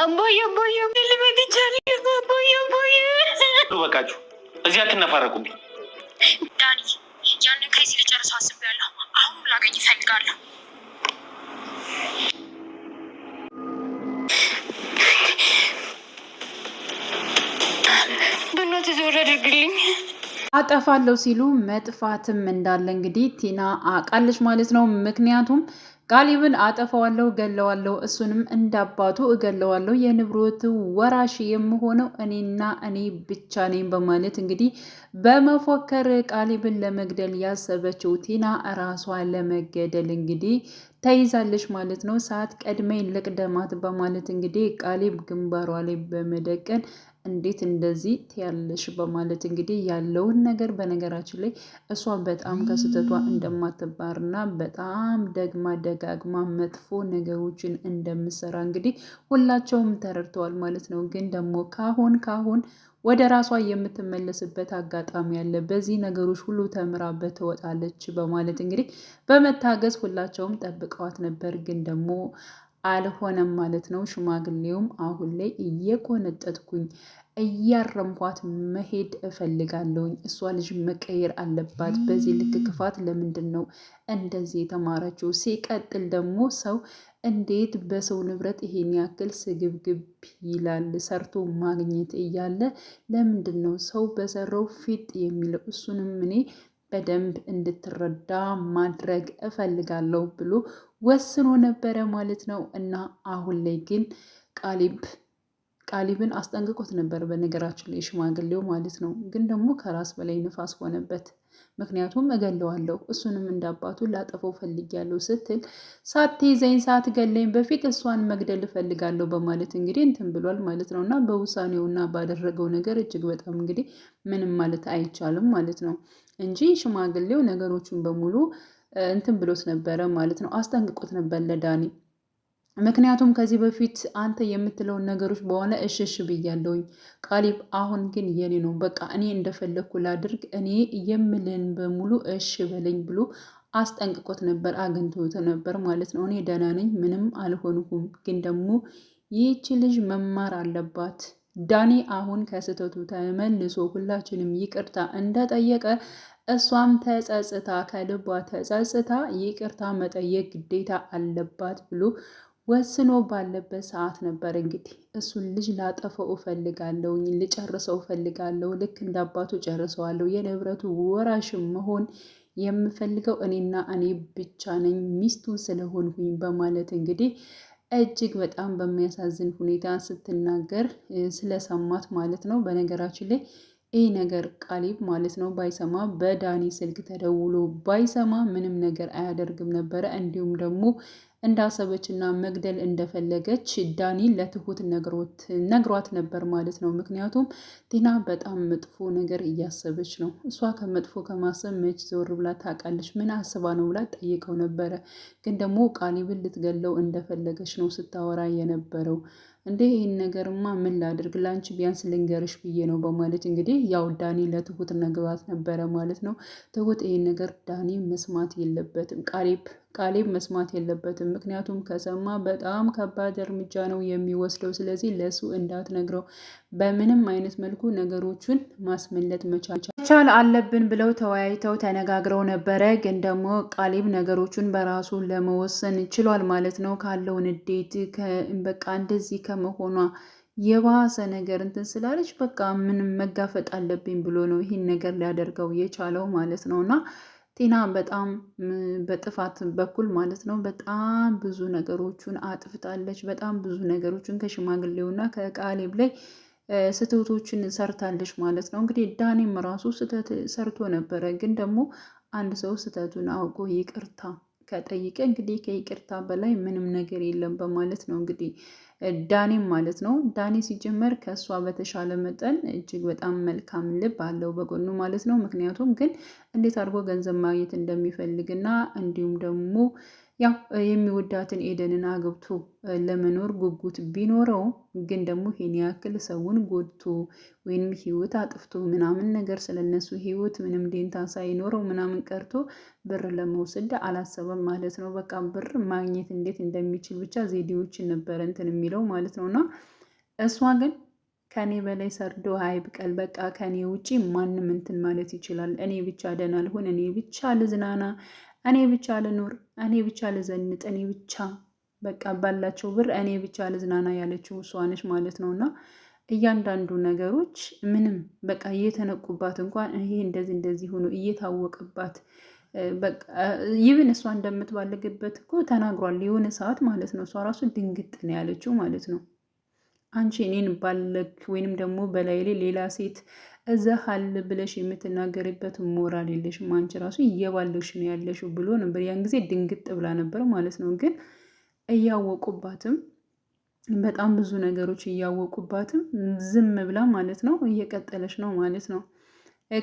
አምቦዬ አምቦዬ ልመት ይቻል አምቦዬ አምቦዬ በቃችሁ። እዚህ አትነፋረቁብኝ። ዳኒ ያንን ከዚህ ልጨርሰው አስቤያለሁ። አሁን ላገኝ እፈልጋለሁ። ብኖት ዞር አድርግልኝ። አጠፋለሁ ሲሉ መጥፋትም እንዳለ እንግዲህ ቲና አውቃለች ማለት ነው። ምክንያቱም ጋሊብን አጠፋዋለሁ፣ ገለዋለሁ፣ እሱንም እንዳባቱ እገለዋለሁ፣ የንብረት ወራሽ የምሆነው እኔና እኔ ብቻ ነኝ በማለት እንግዲህ በመፎከር ቃሊብን ለመግደል ያሰበችው ቲና እራሷ ለመገደል እንግዲህ ተይዛለች ማለት ነው። ሰዓት ቀድመኝ ልቅደማት በማለት እንግዲህ ቃሌብ ግንባሯ ላይ በመደቀን እንዴት እንደዚህ ትያለሽ በማለት እንግዲህ ያለውን ነገር በነገራችን ላይ እሷ በጣም ከስህተቷ እንደማትባርና በጣም ደግማ ደጋግማ መጥፎ ነገሮችን እንደምሰራ እንግዲህ ሁላቸውም ተረድተዋል ማለት ነው። ግን ደግሞ ካሁን ካሁን ወደ ራሷ የምትመለስበት አጋጣሚ አለ። በዚህ ነገሮች ሁሉ ተምራበት ትወጣለች በማለት እንግዲህ በመታገዝ ሁላቸውም ጠብቀዋት ነበር ግን ደግሞ አልሆነም ማለት ነው። ሽማግሌውም አሁን ላይ እየቆነጠጥኩኝ እያረምኳት መሄድ እፈልጋለሁኝ። እሷ ልጅ መቀየር አለባት። በዚህ ልክ ክፋት ለምንድን ነው እንደዚህ የተማረችው? ሲቀጥል ደግሞ ሰው እንዴት በሰው ንብረት ይሄን ያክል ስግብግብ ይላል? ሰርቶ ማግኘት እያለ ለምንድን ነው ሰው በሰራው ፊጥ የሚለው? እሱንም እኔ በደንብ እንድትረዳ ማድረግ እፈልጋለሁ ብሎ ወስኖ ነበረ ማለት ነው። እና አሁን ላይ ግን ቃሊብ ቃሊብን አስጠንቅቆት ነበር፣ በነገራችን ላይ ሽማግሌው ማለት ነው። ግን ደግሞ ከራስ በላይ ንፋስ ሆነበት። ምክንያቱም እገለዋለሁ እሱንም እንዳባቱ ላጠፈው ፈልጊያለሁ ስትል ሳትይዘኝ ሳትገለኝ በፊት እሷን መግደል እፈልጋለሁ በማለት እንግዲህ እንትን ብሏል ማለት ነው። እና በውሳኔውና ባደረገው ነገር እጅግ በጣም እንግዲህ ምንም ማለት አይቻልም ማለት ነው። እንጂ ሽማግሌው ነገሮችን በሙሉ እንትን ብሎት ነበረ ማለት ነው። አስጠንቅቆት ነበር ለዳኒ። ምክንያቱም ከዚህ በፊት አንተ የምትለውን ነገሮች በሆነ እሽሽ ብያለውኝ ቃሊብ፣ አሁን ግን የኔ ነው በቃ እኔ እንደፈለግኩ ላድርግ፣ እኔ የምልን በሙሉ እሽ በለኝ ብሎ አስጠንቅቆት ነበር፣ አግኝቶት ነበር ማለት ነው። እኔ ደህና ነኝ፣ ምንም አልሆንኩም፣ ግን ደግሞ ይህች ልጅ መማር አለባት ዳኒ አሁን ከስህተቱ ተመልሶ ሁላችንም ይቅርታ እንደጠየቀ እሷም ተጸጽታ ከልቧ ተጸጽታ ይቅርታ መጠየቅ ግዴታ አለባት ብሎ ወስኖ ባለበት ሰዓት ነበር እንግዲህ እሱን ልጅ ላጠፈው እፈልጋለሁ፣ ልጨርሰው እፈልጋለሁ፣ ልክ እንደ አባቱ ጨርሰዋለሁ፣ የንብረቱ ወራሽ መሆን የምፈልገው እኔና እኔ ብቻ ነኝ ሚስቱ ስለሆንኩኝ በማለት እንግዲህ እጅግ በጣም በሚያሳዝን ሁኔታ ስትናገር ስለሰማት ማለት ነው። በነገራችን ላይ ይህ ነገር ቃሊብ ማለት ነው ባይሰማ በዳኒ ስልክ ተደውሎ ባይሰማ ምንም ነገር አያደርግም ነበረ። እንዲሁም ደግሞ እንዳሰበች ና መግደል እንደፈለገች ዳኒን ለትሁት ነግሯት ነበር ማለት ነው። ምክንያቱም ቲና በጣም መጥፎ ነገር እያሰበች ነው። እሷ ከመጥፎ ከማሰብ መች ዞር ብላ ታውቃለች? ምን አስባ ነው ብላ ጠይቀው ነበረ። ግን ደግሞ ቃሊብን ልትገለው እንደፈለገች ነው ስታወራ የነበረው። እንዴ ይህን ነገርማ ምን ላድርግ ላንቺ ቢያንስ ልንገርሽ ብዬ ነው በማለት እንግዲህ ያው ዳኒ ለትሁት ነግባት ነበረ ማለት ነው። ትሁት ይህን ነገር ዳኒ መስማት የለበትም ቃሌብ ቃሌብ መስማት የለበትም። ምክንያቱም ከሰማ በጣም ከባድ እርምጃ ነው የሚወስደው። ስለዚህ ለሱ እንዳትነግረው በምንም አይነት መልኩ ነገሮቹን ማስመለጥ መቻቻል መቻል አለብን ብለው ተወያይተው ተነጋግረው ነበረ። ግን ደግሞ ቃሊብ ነገሮቹን በራሱ ለመወሰን ችሏል ማለት ነው። ካለው ንዴት በቃ እንደዚህ ከመሆኗ የባሰ ነገር እንትን ስላለች በቃ ምንም መጋፈጥ አለብኝ ብሎ ነው ይህን ነገር ሊያደርገው የቻለው ማለት ነው። እና ቲና በጣም በጥፋት በኩል ማለት ነው በጣም ብዙ ነገሮቹን አጥፍታለች። በጣም ብዙ ነገሮችን ከሽማግሌውና ከቃሊብ ላይ ስህተቶችን ሰርታለች ማለት ነው። እንግዲህ ዳኔም ራሱ ስህተት ሰርቶ ነበረ። ግን ደግሞ አንድ ሰው ስህተቱን አውቆ ይቅርታ ከጠይቀ እንግዲህ ከይቅርታ በላይ ምንም ነገር የለም በማለት ነው እንግዲህ ዳኔም ማለት ነው። ዳኔ ሲጀመር ከእሷ በተሻለ መጠን እጅግ በጣም መልካም ልብ አለው በጎኑ ማለት ነው። ምክንያቱም ግን እንዴት አድርጎ ገንዘብ ማግኘት እንደሚፈልግና እንዲሁም ደግሞ ያው የሚወዳትን ኤደንን አግብቶ ለመኖር ጉጉት ቢኖረውም ግን ደግሞ ይሄን ያክል ሰውን ጎድቶ ወይም ህይወት አጥፍቶ ምናምን ነገር ስለነሱ ህይወት ምንም ደንታ ሳይኖረው ምናምን ቀርቶ ብር ለመውሰድ አላሰበም ማለት ነው። በቃ ብር ማግኘት እንዴት እንደሚችል ብቻ ዜዴዎችን ነበረ እንትን የሚለው ማለት ነው። እና እሷ ግን ከኔ በላይ ሰርዶ አይብቀል፣ በቃ ከኔ ውጪ ማንም እንትን ማለት ይችላል፣ እኔ ብቻ ደህና ልሁን፣ እኔ ብቻ ልዝናና እኔ ብቻ ልኑር፣ እኔ ብቻ ልዘንጥ፣ እኔ ብቻ በቃ ባላቸው ብር እኔ ብቻ ልዝናና ያለችው እሷ ነች ማለት ነው እና እያንዳንዱ ነገሮች ምንም በቃ እየተነቁባት እንኳን ይሄ እንደዚህ እንደዚህ ሆኖ እየታወቀባት ይብን እሷ እንደምትባልግበት እኮ ተናግሯል። የሆነ ሰዓት ማለት ነው እሷ ራሱ ድንግጥ ነው ያለችው ማለት ነው። አንቺ እኔን ባለክ ወይንም ደግሞ በላይ ላይ ሌላ ሴት እዛ አለ ብለሽ የምትናገርበት ሞራል የለሽም። አንቺ ራሱ እየባለሽ ነው ያለሽው ብሎ ነበር። ያን ጊዜ ድንግጥ ብላ ነበር ማለት ነው። ግን እያወቁባትም በጣም ብዙ ነገሮች እያወቁባትም ዝም ብላ ማለት ነው እየቀጠለች ነው ማለት ነው።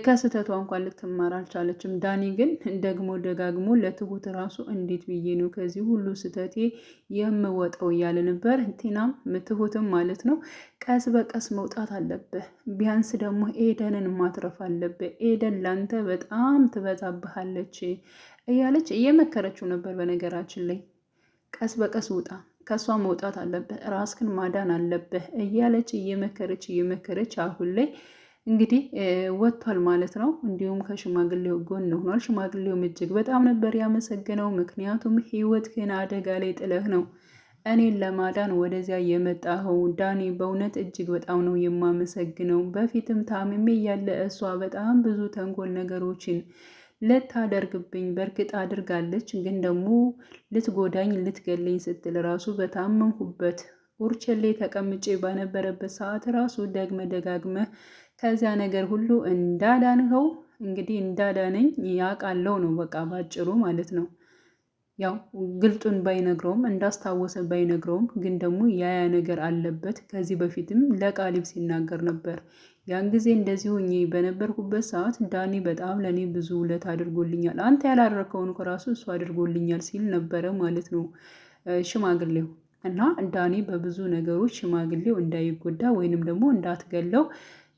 ከስህተቷ እንኳን ልትማር አልቻለችም። ዳኒ ግን ደግሞ ደጋግሞ ለትሁት ራሱ እንዴት ብዬ ነው ከዚህ ሁሉ ስህተቴ የምወጣው እያለ ነበር። ቲናም ትሁትም ማለት ነው ቀስ በቀስ መውጣት አለብህ፣ ቢያንስ ደግሞ ኤደንን ማትረፍ አለብህ። ኤደን ላንተ በጣም ትበዛብሃለች እያለች እየመከረችው ነበር። በነገራችን ላይ ቀስ በቀስ ውጣ ከእሷ መውጣት አለብህ፣ ራስክን ማዳን አለብህ እያለች እየመከረች እየመከረች አሁን ላይ እንግዲህ ወጥቷል ማለት ነው። እንዲሁም ከሽማግሌው ጎን ሆኗል። ሽማግሌውም እጅግ በጣም ነበር ያመሰገነው። ምክንያቱም ህይወትህን አደጋ ላይ ጥለህ ነው እኔን ለማዳን ወደዚያ የመጣኸው ዳኒ፣ በእውነት እጅግ በጣም ነው የማመሰግነው። በፊትም ታምሜ ያለ እሷ በጣም ብዙ ተንኮል ነገሮችን ልታደርግብኝ በእርግጥ አድርጋለች፣ ግን ደግሞ ልትጎዳኝ ልትገለኝ ስትል ራሱ በታመምሁበት ኡርቸሌ ተቀምጬ ባነበረበት ሰዓት ራሱ ደግመ ደጋግመ ከዚያ ነገር ሁሉ እንዳዳንኸው እንግዲህ እንዳዳነኝ ያውቃለው ነው በቃ ባጭሩ ማለት ነው። ያው ግልጡን ባይነግረውም እንዳስታወሰ ባይነግረውም ግን ደግሞ ያያ ነገር አለበት። ከዚህ በፊትም ለቃሊብ ሲናገር ነበር። ያን ጊዜ እንደዚህ ሆኜ በነበርኩበት ሰዓት ዳኒ በጣም ለእኔ ብዙ ውለታ አድርጎልኛል፣ አንተ ያላረከውን ከራሱ እሱ አድርጎልኛል ሲል ነበረ ማለት ነው ሽማግሌው እና ዳኒ በብዙ ነገሮች ሽማግሌው እንዳይጎዳ ወይንም ደግሞ እንዳትገለው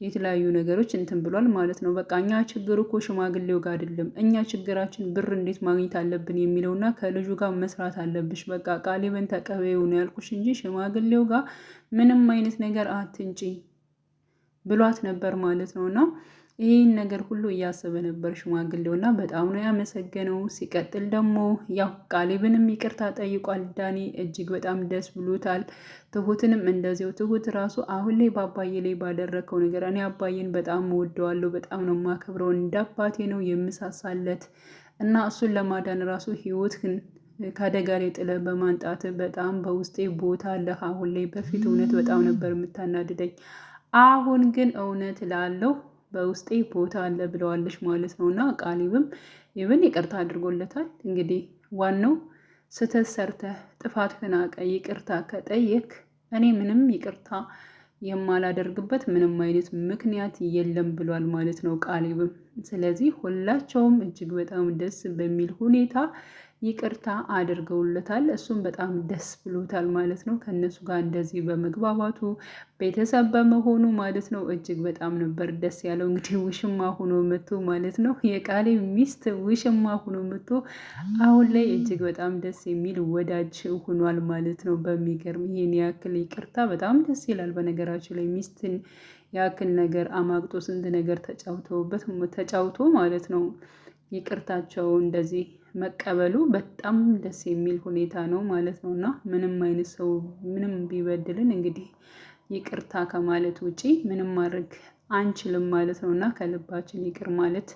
የተለያዩ ነገሮች እንትን ብሏል ማለት ነው። በቃ እኛ ችግር እኮ ሽማግሌው ጋር አይደለም፣ እኛ ችግራችን ብር እንዴት ማግኘት አለብን የሚለውና ከልጁ ጋር መስራት አለብሽ። በቃ ቃሌበን ተቀበይው ነው ያልኩሽ እንጂ ሽማግሌው ጋር ምንም አይነት ነገር አትንጪ ብሏት ነበር ማለት ነው እና ይህን ነገር ሁሉ እያሰበ ነበር ሽማግሌው ና በጣም ነው ያመሰገነው። ሲቀጥል ደግሞ ያው ቃሊብንም ይቅርታ ጠይቋል። ዳኒ እጅግ በጣም ደስ ብሎታል። ትሁትንም እንደዚያው። ትሁት ራሱ አሁን ላይ በአባዬ ላይ ባደረከው ነገር እኔ አባዬን በጣም ወደዋለሁ በጣም ነው የማከብረው፣ እንደ አባቴ ነው የምሳሳለት እና እሱን ለማዳን ራሱ ህይወትህን ከአደጋ ላይ ጥለ በማንጣት በጣም በውስጤ ቦታ አለህ። አሁን ላይ በፊት እውነት በጣም ነበር የምታናድደኝ፣ አሁን ግን እውነት ላለሁ በውስጤ ቦታ አለ ብለዋለች ማለት ነው። እና ቃሊብም ይብን ይቅርታ አድርጎለታል። እንግዲህ ዋናው ስህተት ሰርተህ ጥፋት አውቀህ ይቅርታ ከጠየክ እኔ ምንም ይቅርታ የማላደርግበት ምንም አይነት ምክንያት የለም ብሏል ማለት ነው ቃሊብም። ስለዚህ ሁላቸውም እጅግ በጣም ደስ በሚል ሁኔታ ይቅርታ አድርገውለታል። እሱም በጣም ደስ ብሎታል ማለት ነው። ከእነሱ ጋር እንደዚህ በመግባባቱ ቤተሰብ በመሆኑ ማለት ነው። እጅግ በጣም ነበር ደስ ያለው። እንግዲህ ውሽማ ሁኖ መቶ ማለት ነው የቃሌ ሚስት ውሽማ ሁኖ መቶ አሁን ላይ እጅግ በጣም ደስ የሚል ወዳጅ ሁኗል ማለት ነው። በሚገርም ይህን ያክል ይቅርታ በጣም ደስ ይላል። በነገራችን ላይ ሚስትን ያክል ነገር አማግጦ ስንት ነገር ተጫውተውበት ተጫውቶ ማለት ነው ይቅርታቸው እንደዚህ መቀበሉ በጣም ደስ የሚል ሁኔታ ነው ማለት ነው። እና ምንም አይነት ሰው ምንም ቢበድልን እንግዲህ ይቅርታ ከማለት ውጪ ምንም ማድረግ አንችልም ማለት ነው እና ከልባችን ይቅር ማለት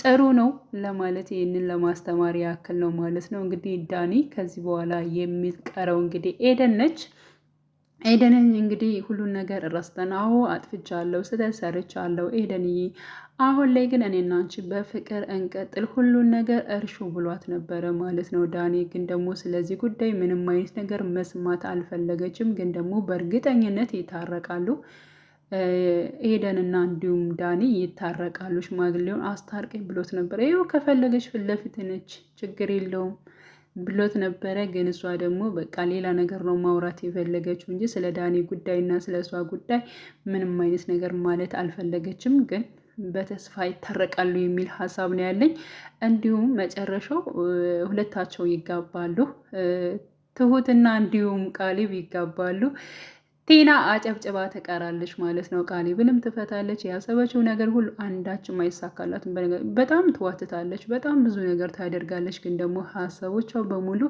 ጥሩ ነው ለማለት ይህንን ለማስተማር ያክል ነው ማለት ነው። እንግዲህ ዳኒ ከዚህ በኋላ የሚቀረው እንግዲህ ኤደን ነች። ኤደንን እንግዲህ ሁሉን ነገር ረስተን አዎ አጥፍቻለሁ፣ ስህተት ሰርቻለሁ ኤደንዬ አሁን ላይ ግን እኔና አንቺ በፍቅር እንቀጥል ሁሉን ነገር እርሹ ብሏት ነበረ ማለት ነው። ዳኒ ግን ደግሞ ስለዚህ ጉዳይ ምንም አይነት ነገር መስማት አልፈለገችም። ግን ደግሞ በእርግጠኝነት ይታረቃሉ። ኤደንና እንዲሁም ዳኒ ይታረቃሉ። ሽማግሌውን አስታርቀኝ ብሎት ነበረ። ይኸው ከፈለገች ፊት ለፊት ነች፣ ችግር የለውም ብሎት ነበረ። ግን እሷ ደግሞ በቃ ሌላ ነገር ነው ማውራት የፈለገችው እንጂ ስለ ዳኒ ጉዳይ እና ስለ እሷ ጉዳይ ምንም አይነት ነገር ማለት አልፈለገችም ግን በተስፋ ይታረቃሉ የሚል ሀሳብ ነው ያለኝ። እንዲሁም መጨረሻው ሁለታቸው ይጋባሉ። ትሁትና እንዲሁም ቃሊብ ይጋባሉ። ቴና አጨብጭባ ትቀራለች ማለት ነው። ቃሊብንም ትፈታለች። ያሰበችው ነገር ሁሉ አንዳችም አይሳካላትም። በጣም ትዋትታለች፣ በጣም ብዙ ነገር ታደርጋለች። ግን ደግሞ ሀሳቦቿ በሙሉ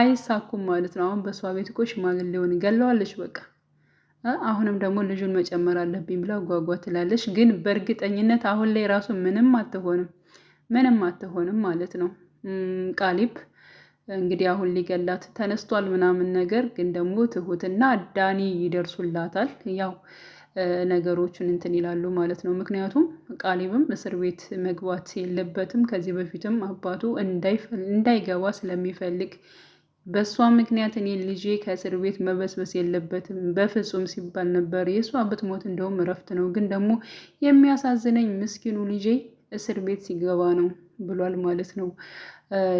አይሳኩም ማለት ነው። አሁን በእሷ ቤት እኮ ሽማግሌውን ገለዋለች በቃ አሁንም ደግሞ ልጁን መጨመር አለብኝ ብላ ጓጓ ትላለች። ግን በእርግጠኝነት አሁን ላይ ራሱ ምንም አትሆንም፣ ምንም አትሆንም ማለት ነው። ቃሊብ እንግዲህ አሁን ሊገላት ተነስቷል ምናምን ነገር ግን ደግሞ ትሁትና ዳኒ ይደርሱላታል። ያው ነገሮቹን እንትን ይላሉ ማለት ነው። ምክንያቱም ቃሊብም እስር ቤት መግባት የለበትም ከዚህ በፊትም አባቱ እንዳይገባ ስለሚፈልግ በእሷ ምክንያት እኔ ልጄ ከእስር ቤት መበስበስ የለበትም በፍጹም ሲባል ነበር። የእሷ ብትሞት እንደውም እረፍት ነው። ግን ደግሞ የሚያሳዝነኝ ምስኪኑ ልጄ እስር ቤት ሲገባ ነው ብሏል ማለት ነው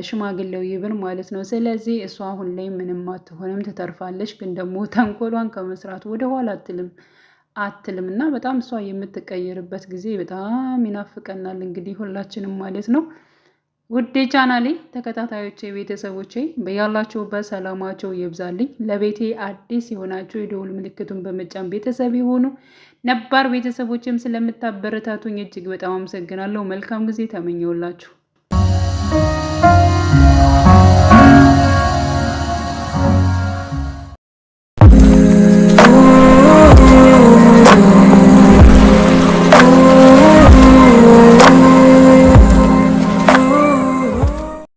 ሽማግሌው ይብል ማለት ነው። ስለዚህ እሷ አሁን ላይ ምንም አትሆንም ትተርፋለች። ግን ደግሞ ተንኮሏን ከመስራት ወደኋላ አትልም አትልም እና በጣም እሷ የምትቀየርበት ጊዜ በጣም ይናፍቀናል እንግዲህ ሁላችንም ማለት ነው። ውዴ ቻናሌ ተከታታዮቼ ቤተሰቦቼ በያላችሁበት ሰላማቸው ይብዛልኝ። ለቤቴ አዲስ የሆናችሁ የደውል ምልክቱን በመጫን ቤተሰብ የሆኑ ነባር ቤተሰቦችም ስለምታበረታቱኝ እጅግ በጣም አመሰግናለሁ። መልካም ጊዜ ተመኘውላችሁ።